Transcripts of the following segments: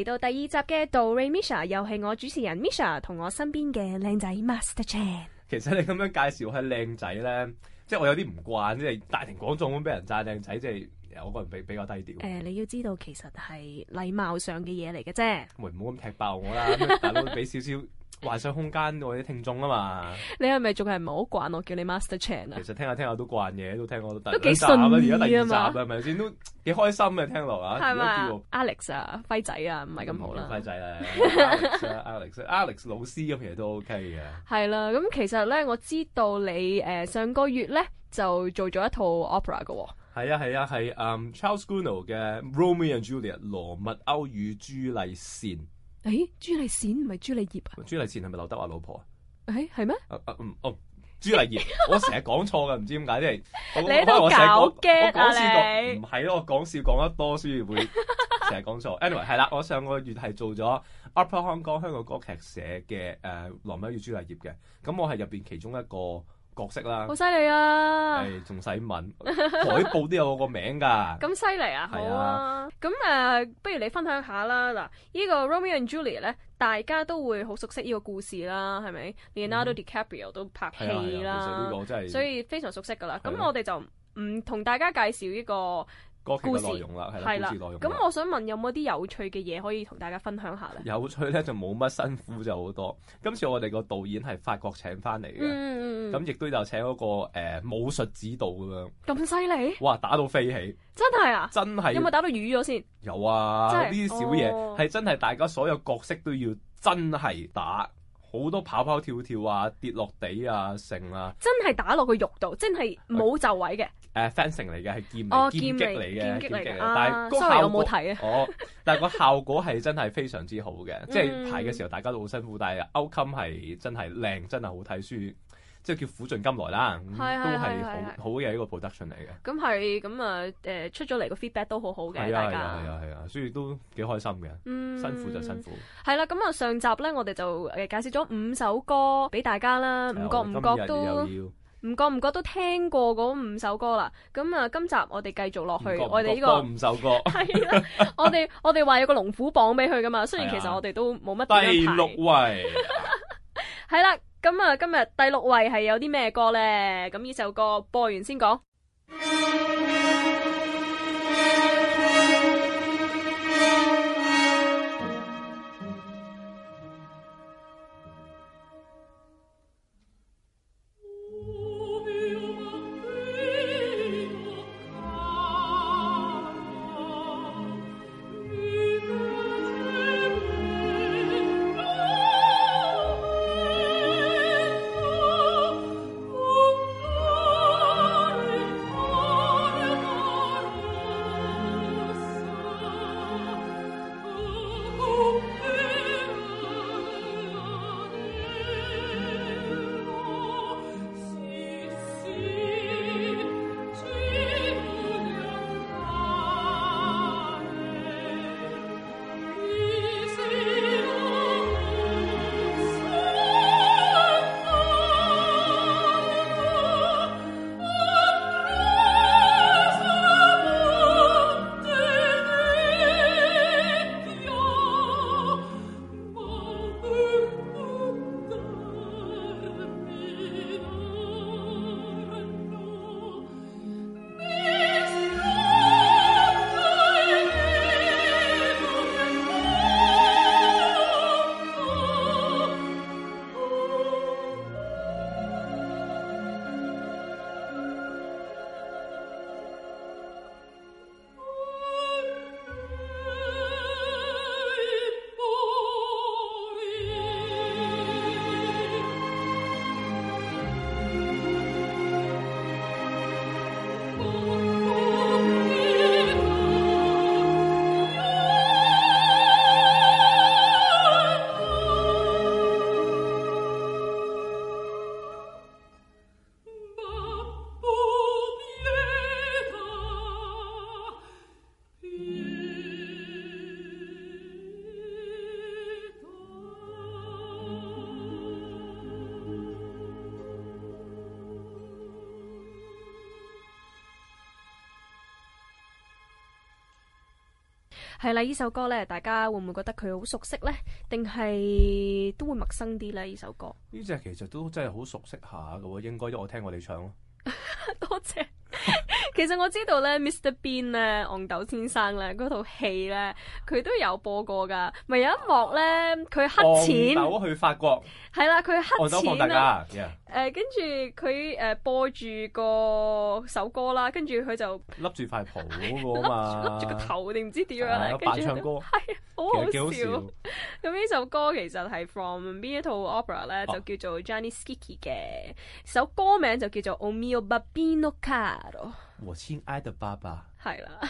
嚟到第二集嘅杜 Remisha，又係我主持人 Misha 同我身邊嘅靚仔 Master Chan。其實你咁樣介紹係靚仔咧，即係我有啲唔慣，即係大庭廣眾咁俾人讚靚仔，即係我個人比比較低調。誒、呃，你要知道，其實係禮貌上嘅嘢嚟嘅啫。唔好咁踢爆我啦，大 佬俾少少。幻想空間我啲聽眾啊嘛，你係咪仲係唔係好慣我叫你 Master Chan 啊？其實聽下聽下都慣嘢，都聽過都幾順。而家第二集係咪先都幾開心嘅聽落啊吧，Alex 係咪啊，輝仔啊，唔係咁好啦、啊嗯。輝仔啊，Alex，Alex 老師咁、OK 啊、其實都 OK 嘅。係啦，咁其實咧，我知道你誒、呃、上個月咧就做咗一套 opera 嘅喎、哦。係啊係啊係誒、um, Charles Gounod 嘅 Romeo and Juliet 羅密歐與朱麗葉。誒，朱麗倩唔係朱麗葉啊？朱麗倩係咪劉德華老婆啊？誒，係咩？哦，朱麗葉， 我成日講錯嘅，唔知點解，因為我成日講，我講笑講唔係咯，我講笑講得多，所以會成日講錯。Anyway，係啦，我上個月係做咗 Opera Hong Kong 香港歌劇社嘅誒《羅密歐與朱麗葉》嘅，咁我係入邊其中一個。啦、啊哎，好犀利啊！係，仲使問海報都有我個名㗎。咁犀利啊！好啊，咁誒，不如你分享下啦。嗱、這個，呢個《Romeo and Juliet》咧，大家都會好熟悉呢個故事啦，係咪？Leonardo、嗯、DiCaprio 都拍戲啦，其實呢個真係，所以非常熟悉㗎啦。咁、啊、我哋就唔同大家介紹呢、這個。歌曲嘅內容啦，係啦，故事內容。咁我想問有冇啲有趣嘅嘢可以同大家分享下咧？有趣咧就冇乜，辛苦就好多。今次我哋個導演係法國請翻嚟嘅，咁亦都就請嗰個誒武術指導咁樣。咁犀利？哇！打到飛起，真係啊！真係有冇打到瘀咗先？有啊！呢啲小嘢係真係大家所有角色都要真係打好多，跑跑跳跳啊，跌落地啊，成啊，真係打落個肉度，真係冇就位嘅。誒，fencing 嚟嘅係劍劍擊嚟嘅，劍擊嚟嘅，但係個效我冇睇，但係個效果係真係非常之好嘅，即係排嘅時候大家都好辛苦，但係 outcome 係真係靚，真係好睇，所以即係叫苦盡甘來啦，都係好好嘅一個 production 嚟嘅。咁係咁啊，誒出咗嚟個 feedback 都好好嘅，大家係啊係啊係啊，所以都幾開心嘅，辛苦就辛苦。係啦，咁啊上集咧，我哋就誒介紹咗五首歌俾大家啦，唔覺唔覺都。唔覺唔覺都聽過嗰五首歌啦，咁啊，今集我哋繼續落去，不過不過我哋呢、呢個不過不過五首歌係啦 了， 我哋我哋話有個龍虎榜俾佢㗎嘛，雖然其實我哋都冇乜點樣排，第六位係啦， 咁啊，今日第六位係有啲咩歌咧？咁呢首歌播完先講。係啦，呢首歌咧，大家會唔會覺得佢好熟悉咧？定係都會陌生啲咧？呢首歌呢隻其實都真係好熟悉下噶，應該我聽我哋唱咯。多謝。其實我知道咧，Mr Bean 咧，憨豆先生咧，嗰套戲咧，佢都有播過噶。咪有一幕咧，佢黑錢去法國，係啦，佢黑錢啦。誒，跟住佢誒播住個首歌啦，跟住佢就笠住塊袍，嗰個嘛，笠住個頭，你唔知點樣跟住、啊、唱歌，係啊，幾、哎、好笑。咁呢首歌其實係 from 邊一套 opera 咧，就叫做 Gianni Schicchi 嘅。首歌名就叫做 O mio babbino caro，我親愛的爸爸。係是啦，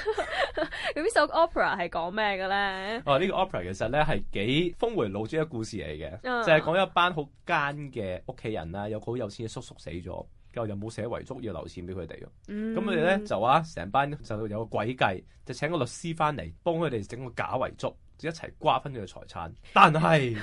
咁 呢首 opera 係講咩嘅咧？哦、啊，呢、這個 opera 其實咧係幾峰回路轉嘅故事嚟嘅，啊、就係講一班好奸嘅屋企人啦，有個好有錢嘅叔叔死咗，跟住又冇寫遺囑要留錢俾佢哋。咁佢哋咧就話成班就有個鬼計，就請個律師翻嚟幫佢哋整個假遺囑。一齊瓜分佢嘅財產，但係呢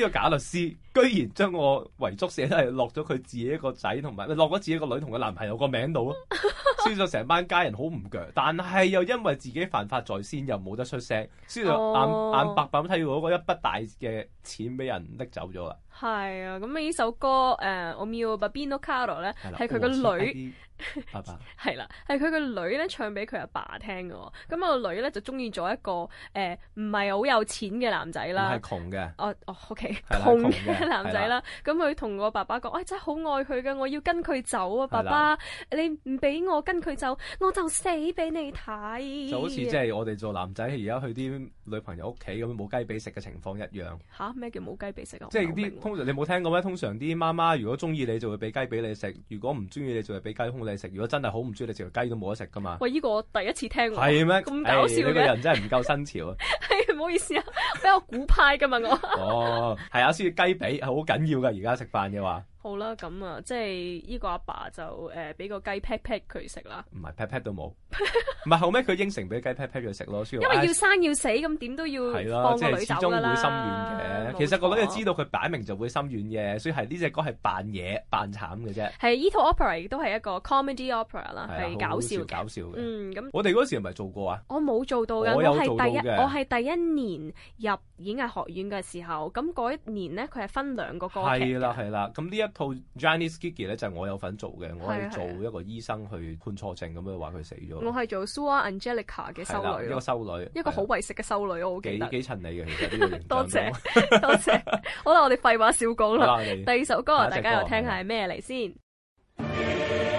個假律師居然將我遺囑寫得係落咗佢自己一個仔，同埋落咗自己個女同佢男朋友個名度咯。 輸咗成班家人好唔強，但係又因為自己犯法在先，又冇得出聲，輸咗眼、哦、眼白白咁睇到嗰一筆大嘅錢俾人拎走咗啦。係啊，咁呢首歌誒，O Mio Babbino Caro 咧係佢個女。爸爸，係啦， 係佢，個女咧唱俾佢阿爸聽嘅，咁個女咧就中意咗一個誒唔係好有錢嘅男仔啦，係窮嘅，哦哦，O K，窮嘅男仔啦，咁佢同我爸爸講，喂，哎，真係好愛佢嘅，我要跟佢走啊，的爸爸，你唔俾我跟佢走，我就死俾你睇。就好似即係我哋做男仔而家去啲女朋友屋企咁，冇雞髀食嘅情況一樣，吓？咩叫冇雞髀食？即係啲通常你冇聽過咩？通常啲媽媽如果中意你就會俾雞髀你食，如果唔中意你就會俾雞胸你。食如果真係好唔中意，你整條雞都冇得食噶嘛？喂，依、依個我第一次聽喎。係咩嗎？咁搞笑嘅、哎？你個人真係唔夠新潮啊！係唔、 哎、好意思啊，比較古派噶嘛我。 哦，係啊，需要雞髀，好緊要噶，而家食飯嘅話。好啦，咁啊，即係依個阿爸就誒俾個雞 pat pat 佢食啦。唔係 pat pat 都冇，唔係後尾佢應承俾雞 pat pat 佢食咯。因為要生要死，咁點都要幫女走㗎啦。係咯，即係始終會心軟嘅。其實我覺得知道佢擺明就會心軟嘅，所以係呢隻歌係扮嘢、扮慘嘅啫。係呢套 opera 亦都係一個 comedy opera 啦，係搞笑搞笑嘅。嗯，咁我哋嗰時係咪做過啊？我冇做到嘅，我係第一，我係第一年入。演藝學院嘅時候，咁嗰一年呢，佢係分兩個歌劇。係啦係啦，咁呢一套 Gianni Schicchi 咧就係、是、我有份做嘅，我係做一個醫生去判錯症，咁樣話佢死咗。是的我係做 Sua Angelica 嘅修女的。一個修女，的一個好為食嘅修女，的我幾。幾幾襯你嘅，其實呢個。多謝多謝， 好啦，我哋廢話少講啦，的第二首歌，歌大家又聽下係咩嚟先。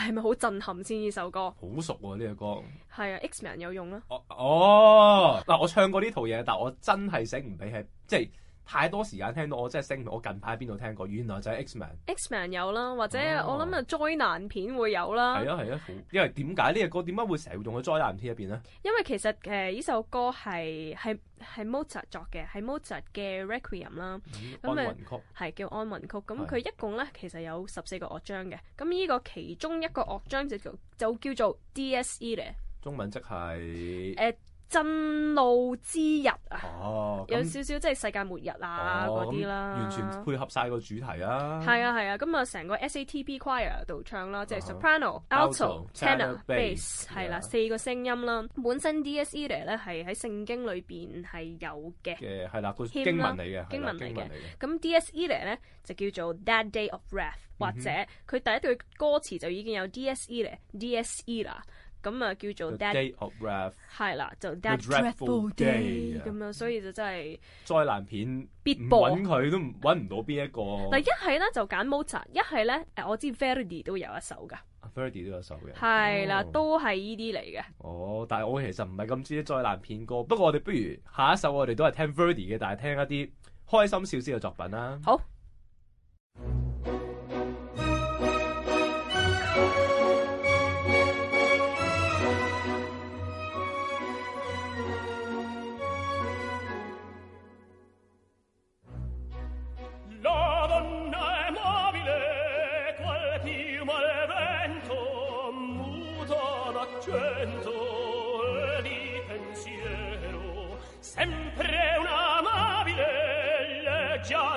係咪好震撼先？呢首歌好熟啊，呢、這個歌係啊，Xman 有用啊。哦，嗱、哦，我唱過呢套嘢，但我真係醒唔起，係即係。太多時間聽到我真係聲，我近排喺邊度聽過？原來就係 Xman。Xman 有啦，或者我諗啊，想災難片會有啦。係啊係啊，因為點解呢個歌點解會成日用喺災難片入邊咧？因為其實誒呢、呃、首歌係係係 Mozart 作嘅，係 Mozart 嘅 Requiem 啦。咁、嗯、安魂曲，係叫安魂曲。咁佢一共咧其實有十四個樂章嘅。咁呢個其中一個樂章就叫就叫做 DSE 咧。中文即係誒。欸震怒之日啊！哦，有少少即係世界末日啊嗰啲啦，完全配合晒個主題啊！係啊係啊，咁啊成個 SATB choir 度唱啦，即係 soprano、alto、tenor、bass 係啦，四個聲音啦。本身 DSE 咧係喺聖經裏邊係有嘅，誒係啦，個經文嚟嘅，經文嚟嘅。咁 DSE 咧就叫做 That Day of Wrath，或者佢第一句歌詞就已經有 DSE 咧，DSE 啦。咁啊，就叫做 Dead Wrath of 係啦，就 Dead, Day 咁樣，所以就真係災難片，必播，搵佢都搵唔到邊一個。嗱，一係咧就揀 Mozart 一係咧誒，我知 Verdi 都有一首噶、啊、，Verdi 了、哦、都有首嘅，係啦，都係呢啲嚟嘅。哦，但係我其實唔係咁知災難片歌，不過我哋不如下一首我哋都係聽 Verdi 嘅，但係聽一啲開心少少嘅作品啦。好。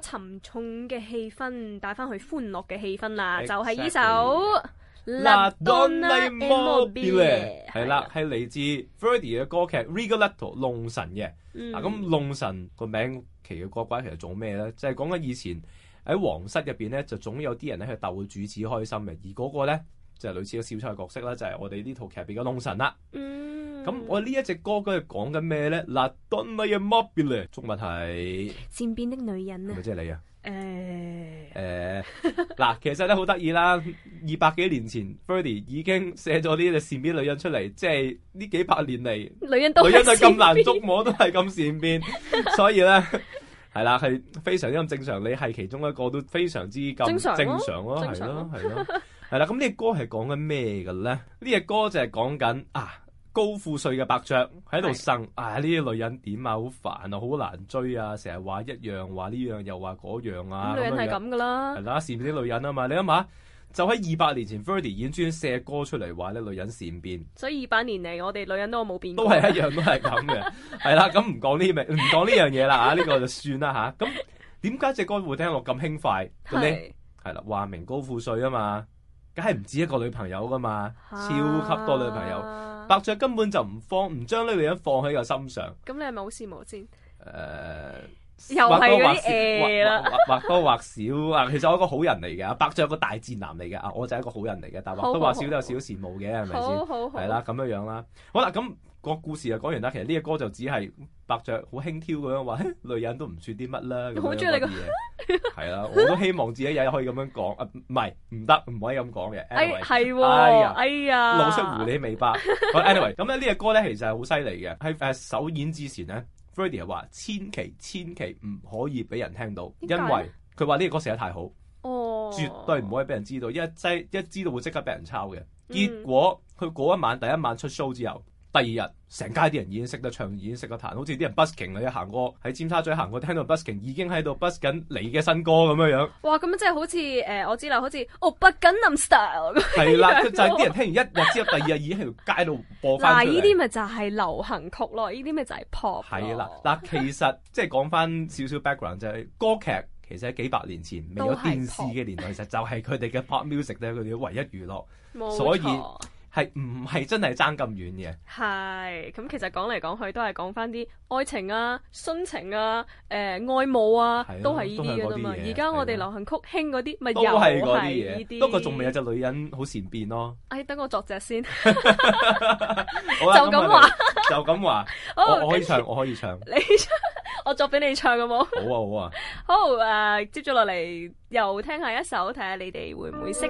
沉重嘅氣氛帶翻去歡樂嘅氣氛啦，Exactly. 就係呢首《La Donna è Mobile》係啦的，係嚟自 Verdi 嘅歌劇《Rigoletto》弄、嗯啊、臣嘅。咁弄臣個名奇嘅歌鬼其實做咩咧？就係、是、講緊以前喺皇室入邊咧，就總有啲人咧去逗主子開心嘅，而嗰個咧。就係類似一個小丑嘅角色啦，就係、是、我哋呢套劇入邊嘅弄臣啦。咁、嗯、我呢一隻歌係講緊咩咧？拉丁嘅乜嘢咧？中文係善變的女人咪即係你啊？誒誒，嗱，其實都好得意啦。二百幾年前 Verdi 已經寫咗啲嘅善變女人出嚟，即係呢幾百年嚟，女人女人都咁難捉摸，善變 都係咁善變。所以咧，係啦，係非常之咁正常。你係其中一個都非常之咁正常咯，係咯、啊，係咯、啊。啦係啦，咁呢隻歌係講緊咩嘅咧？呢隻歌就係講緊啊高富帥嘅白雀喺度生，是的 啊呢啲女人點啊好煩啊好難追啊，成日話一樣話呢樣又話嗰樣啊。嗯、女人係咁噶啦，係啦，善變啲女人啊嘛，你諗下，就喺二百年前 Freddy 專登寫歌出嚟話咧，女人善變，所以二百年嚟我哋女人都冇變過，都係一樣都係咁嘅，係啦， 咁唔講呢唔講呢樣嘢啦吓，呢、 啊這個就算啦吓。咁點解隻歌會聽落咁輕快？咁你係啦，話明高富帥啊嘛。梗係唔止一個女朋友噶嘛，超級多女朋友。啊、白爵根本就唔放，唔將呢樣嘢放喺個心上。咁你係咪好羨慕先？誒，又係嗰啲誒啦，或多或少啊，其實我係一個好人嚟嘅。白爵係一個大賤男嚟嘅啊，我就係一個好人嚟嘅，但或多或少都有少羨慕嘅，係咪先？好好，係啦，咁樣樣啦。好啦，咁。個故事就講完啦。其實呢隻歌就只係白著好輕佻咁樣話，女人都唔算啲乜啦。好中意你個，係啦，我都希望自己日日可以咁樣講。 啊，唔係，唔得，唔可以咁講嘅。係係，哎呀，哎呀，露出狐狸尾巴。 Anyway，咁咧呢隻歌咧其實係好犀利嘅。喺喺首演之前咧，Freddie 又話千祈千祈唔可以俾人聽到，為因為佢話呢個歌寫得太好，oh. 絕對唔可以俾人知道，一知一知道會即刻俾人抄嘅。結果佢嗰、mm. 一晚第一晚出 show 之後。第二日成街啲人已經識得唱，已經識得彈，好似啲人 busking 啊，一行過喺尖沙咀行過，聽到 busking 已經喺度 bus 緊你嘅新歌咁樣樣。哇，咁樣即係好似誒、呃，我知啦，好似哦 busking style 咁樣樣。係啦，就係啲人聽完一或之後，第二日已經喺條街度播翻。嗱，呢啲咪就係流行曲咯，呢啲咪就係 pop。係啦了，嗱， 其實即係講翻少少 background，就係、是就是、歌劇其實喺幾百年前未有電視嘅年代，其是 就就係佢哋嘅 pop music 咧，佢哋唯一娛樂，錯所以。係唔係真係爭咁遠嘅？係咁，其實講嚟講去都係講翻啲愛情啊、殉情啊、誒、愛慕啊，都係呢啲嘅啫嘛。而家我哋流行曲興嗰啲咪又係嗰啲嘢，不過仲未有隻女人好善變咯。唉，等我作隻先，就咁話，就咁話，我可以唱，我可以唱，你我作俾你唱好冇？好啊，好啊。好誒，接咗落嚟又聽下一首，睇下你哋會唔會識。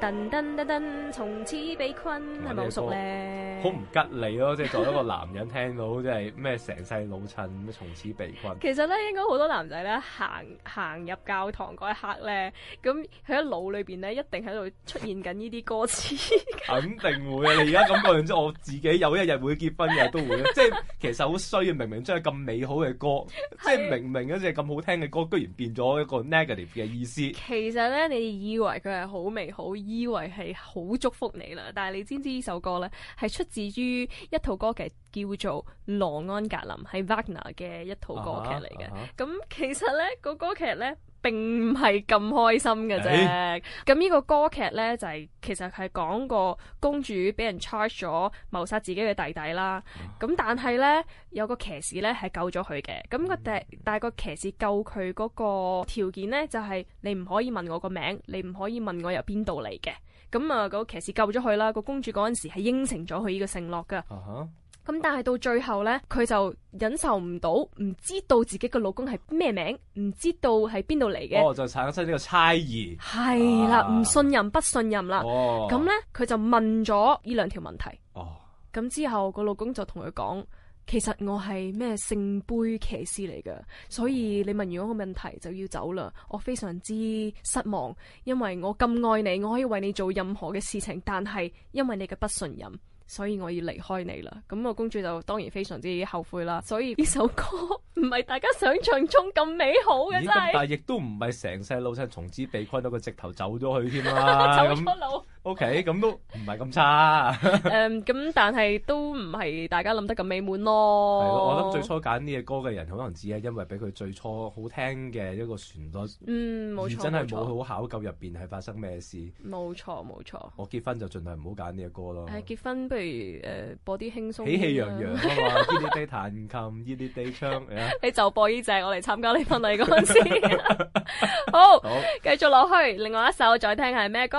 噔噔噔噔，從此被困，係咪好熟咧？好唔吉利咯！即係作為一個男人聽到，即係咩成世老襯，從此被困。其實咧，應該好多男仔咧，行行入教堂嗰一刻咧，咁佢喺腦裏邊咧，一定喺度出現緊呢啲歌詞。肯定會啊！你而家感覺完之後，我自己有一日會結婚嘅都會，即係其實好衰啊！明明真係咁美好嘅歌，即係明明嗰隻咁好聽嘅歌，居然變咗一個 negative 嘅意思。其實咧，你以為佢係好美好。以為係好祝福你啦，但係你知唔知呢首歌咧係出自於一套歌劇？叫做《羅安格林》是的的，係 Wagner 嘅一套歌劇嚟嘅。咁、huh, uh huh. 其實咧，個歌劇咧並唔係咁開心嘅啫。咁呢 Hey. 個歌劇咧就係、是、其實係講個公主俾人 charge 咗謀殺自己嘅弟弟啦。咁、uh huh. 但係咧有個騎士咧係救咗佢嘅。咁、個第但係個騎士救佢嗰個條件咧就係、是、你唔可以問我個名，你唔可以問我由邊度嚟嘅。咁啊，個騎士救咗佢啦。個公主嗰陣時係應承咗佢呢個承諾噶。Uh huh. 咁但係到最後呢，佢就忍受唔到，唔知道自己個老公係咩名，唔知道係邊度嚟嘅，哦，就產生呢個猜疑，係啦了，唔、啊、信任，不信任啦，咁、哦、呢，佢就問咗呢兩條問題，咁、哦、之後個老公就同佢講，其實我係咩聖杯騎士嚟噶，所以你問完我個問題就要走啦，我非常之失望，因為我咁愛你，我可以為你做任何嘅事情，但係因為你嘅不信任。所以我要離開你啦，咁個公主就當然非常之後悔啦。所以呢首歌唔係大家想象中咁美好嘅咦真係的，但係亦都唔係成世路仔從此被困到個直頭走咗去添啦。 那 走咗路。O K，咁都唔係咁差，啊。嗯。誒，咁但係都唔係大家諗得咁美滿咯。係咯，我諗最初揀呢隻歌嘅人，可能只係因為俾佢最初好聽嘅一個旋律。嗯，冇錯，而真係冇好考究入邊係發生咩事。冇錯，冇錯。我結婚就盡量唔好揀呢隻歌咯。誒、啊，結婚不如誒、呃、播啲輕鬆。喜氣洋洋啊嘛，呢啲啲彈琴，呢啲啲唱。你就播呢隻，我嚟參加你婚禮歌先。 好，繼好續落去，另外一首再聽係咩歌？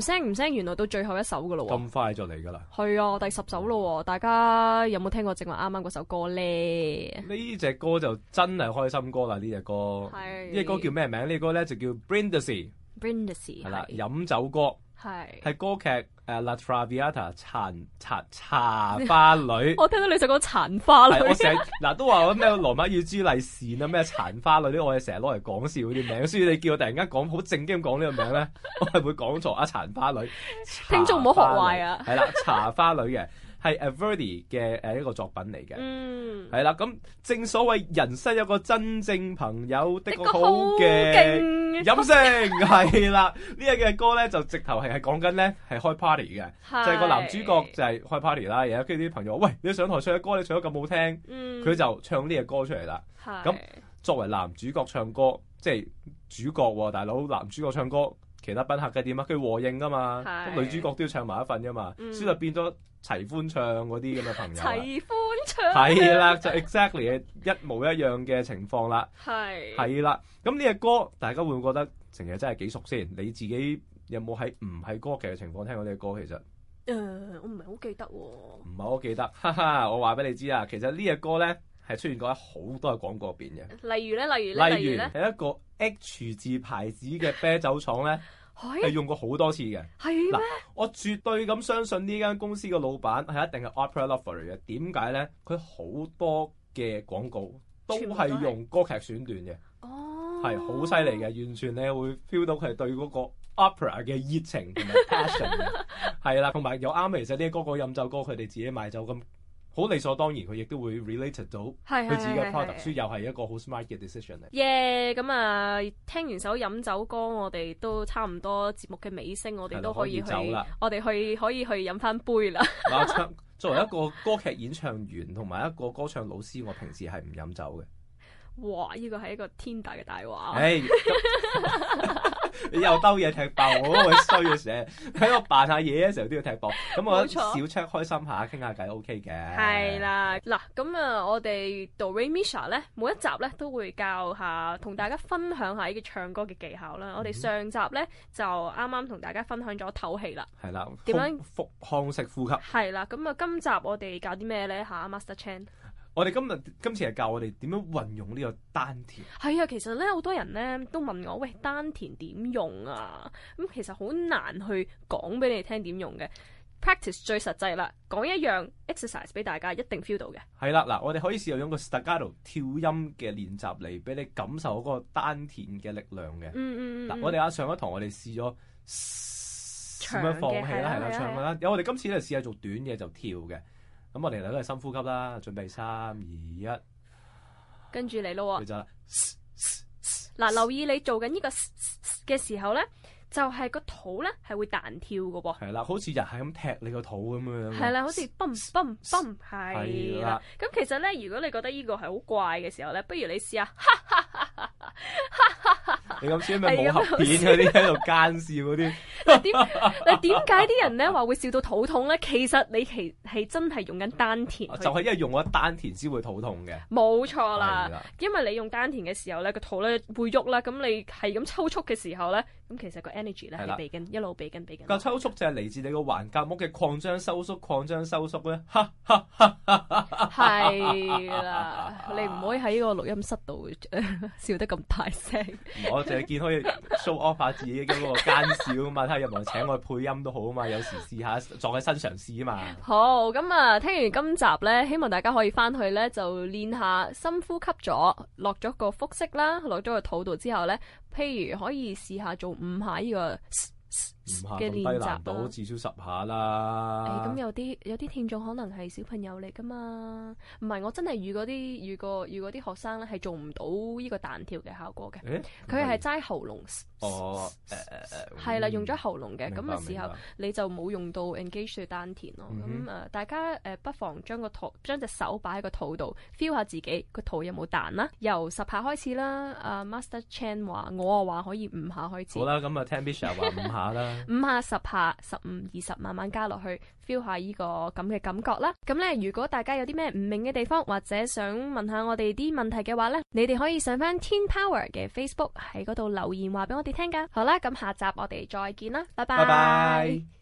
唔聲唔聲，原來到最後一首噶咯，咁快就嚟噶啦，係啊，第十首咯，大家有冇聽過正話啱啱嗰首歌咧？呢隻歌就真係開心歌啦，呢隻歌，呢隻是歌叫咩名？呢歌咧就叫 Brindisi，Brindisi 係啦，飲酒歌，係係是歌劇。誒，La Traviata，茶茶茶花女。我聽到你就講茶花女，我成日嗱都話我咩羅馬與朱麗士啊，咩茶花女啲，我哋成日攞嚟講笑啲名字。所以你叫我突然間講好正經講呢個名咧，我係會講錯啊殘！茶花女，聽眾唔好學壞啊，係啦，茶花女嘅。係 Averdi 嘅誒一個作品嚟嘅，係啦，嗯。咁正所謂人生有個真正朋友的的，一好嘅音聲，係啦。這個，呢一嘅歌咧就直頭係係講緊咧係開 party 嘅，就係是個男主角就係開 party 啦。然後跟住啲朋友喂，你上台唱嘅歌，你唱得咁好聽，佢，嗯，就唱呢個歌出嚟啦。咁是作為男主角唱歌，即，就，係，是，主角，哦，大佬，男主角唱歌，其他賓客嘅點啊？佢和應噶嘛，是女主角都要唱埋一份噶嘛，嗯，所以就變咗。齊歡唱嗰啲咁嘅朋友，齊歡唱係啦，就 exactly 一模一樣嘅情況啦 係，係啦。咁呢隻歌，大家會唔會覺得成日真係幾熟先？你自己有冇喺唔係歌劇嘅情況聽過呢隻歌？其實，誒、呃，我唔係好記得、啊，唔係好記得，哈哈！我話俾你知啊，其實這呢隻歌咧係出現過喺好多嘅廣告入邊嘅。例如咧，例如咧，例如係一個 H 字牌子嘅啤酒廠咧。 係用過好多次嘅，嗱嗎，我絕對咁相信呢間公司嘅老闆係一定係 opera lover 嘅。點解咧？佢好多嘅廣告都係用歌劇選段嘅，係好犀利嘅。完全呢會 feel 到佢對嗰個 opera 嘅熱情同埋 passion，係啦。同埋有啱嘅，其實啲歌歌、飲酒歌，佢哋自己賣酒咁。好理所當然，佢亦都會 related 到佢自己嘅 product，所以又係一個好 smart 嘅 decision 嚟。耶！咁啊，聽完首飲酒歌，我哋都差唔多節目嘅尾聲，我哋都可以去，可以走我哋去可以去飲翻杯啦。嗱，唱作為一個歌劇演唱員同埋一個歌唱老師，我平時係唔飲酒嘅。哇！呢個係一個天大嘅大 話。誒，你又兜嘢踢爆，我都會衰嘅，成日喺我扮下嘢嘅時候都要踢爆。咁我覺得小桌開心下傾下偈，OK 嘅。係啦錯，嗱、嗯，咁啊，我哋 Do Re Mi Sha 咧，每一集咧都會教下同大家分享下呢個唱歌嘅技巧啦。嗯、我哋上集咧就啱啱同大家分享咗唞氣啦。係啦了，點樣腹腔式呼吸？係啦，咁啊，今集我哋搞啲咩咧？嚇，Master Chan。我哋今日今次係教我哋點樣運用呢個丹田。係啊，其實咧好多人咧都問我，喂，丹田點用啊？咁其實好難去講俾你聽點用嘅。Practice 最實際啦，講一樣 exercise 俾大家一定 feel 到嘅。係啦，嗱，我哋可以試用個 staccato 跳音嘅練習嚟俾你感受嗰個丹田嘅力量嘅。嗯嗯嗱、嗯，我哋啊上一堂、啊啊啊啊，我哋試咗唱嘅，係啦，唱啦。有我哋今次咧試下做短嘢就跳嘅。咁我哋嚟到都係深呼吸啦，準備三二一，3, 2, 1，跟住嚟咯。嗱、啊，留意你做緊呢個嘅時候咧，就係、是、個肚咧係會彈跳嘅噃，係啦，好似人係咁踢你個肚咁樣。係啦，好似 boom boom boom 係啦。咁其實咧，如果你覺得呢個係好怪嘅時候咧，不如你試下。哈哈哈哈哈哈你咁知咩？冇學片嗰啲喺度奸笑嗰啲。但點解啲人咧話會笑到肚痛咧？其實你其係真係用緊丹田。 就係因為用咗丹田先會肚痛嘅。冇錯啦，啦因為你用丹田嘅時候咧，肚候呢個肚咧會喐啦，咁你係咁抽搐嘅時候咧，咁其實個 energy 咧係備緊一路備緊備緊。個抽搐就係嚟自你個橫膈膜嘅擴張收縮擴張收縮咧，哈哈哈哈哈！係啦， 你唔可以喺呢個錄音室度笑得咁大聲。你 見可以 show off 下自己嗰個奸笑啊嘛，睇下有冇人請我配音都好啊嘛，有時試下撞喺身上試啊嘛。好，咁啊，聽完今集咧，希望大家可以翻去咧就練下深呼吸咗，落咗個腹式啦，落咗個肚度之後咧，譬如可以試下做五下呢個。嘅練習到至少十下啦。咁、哎、有啲有啲聽眾可能係小朋友嚟噶嘛？唔係，我真係遇嗰啲遇過遇嗰啲學生咧，係做唔到呢個彈跳嘅效果嘅。佢係齋喉嚨、欸、喉嚨哦。係、呃、啦、嗯，用咗喉嚨嘅。咁嘅白時候白你就冇用到 engage 丹田咯。咁、嗯、哼大家不妨將、那個、個肚將隻手擺喺個肚度，feel 下自己、那個肚有冇彈啦。由十下開始啦。阿 Master Chen 話我啊話可以五下開始。啊、開始好啦，咁啊聽 Bisha 話五下啦。 五下十下十五二十，慢慢加落去，feel 下呢個咁嘅感覺啦。咁咧，如果大家有啲咩唔明嘅地方，或者想問下我哋啲問題嘅話咧，你哋可以上翻 Tin Power 嘅 Facebook 喺嗰度留言話俾我哋聽噶。好啦，咁下集我哋再見啦，拜拜 bye。Bye bye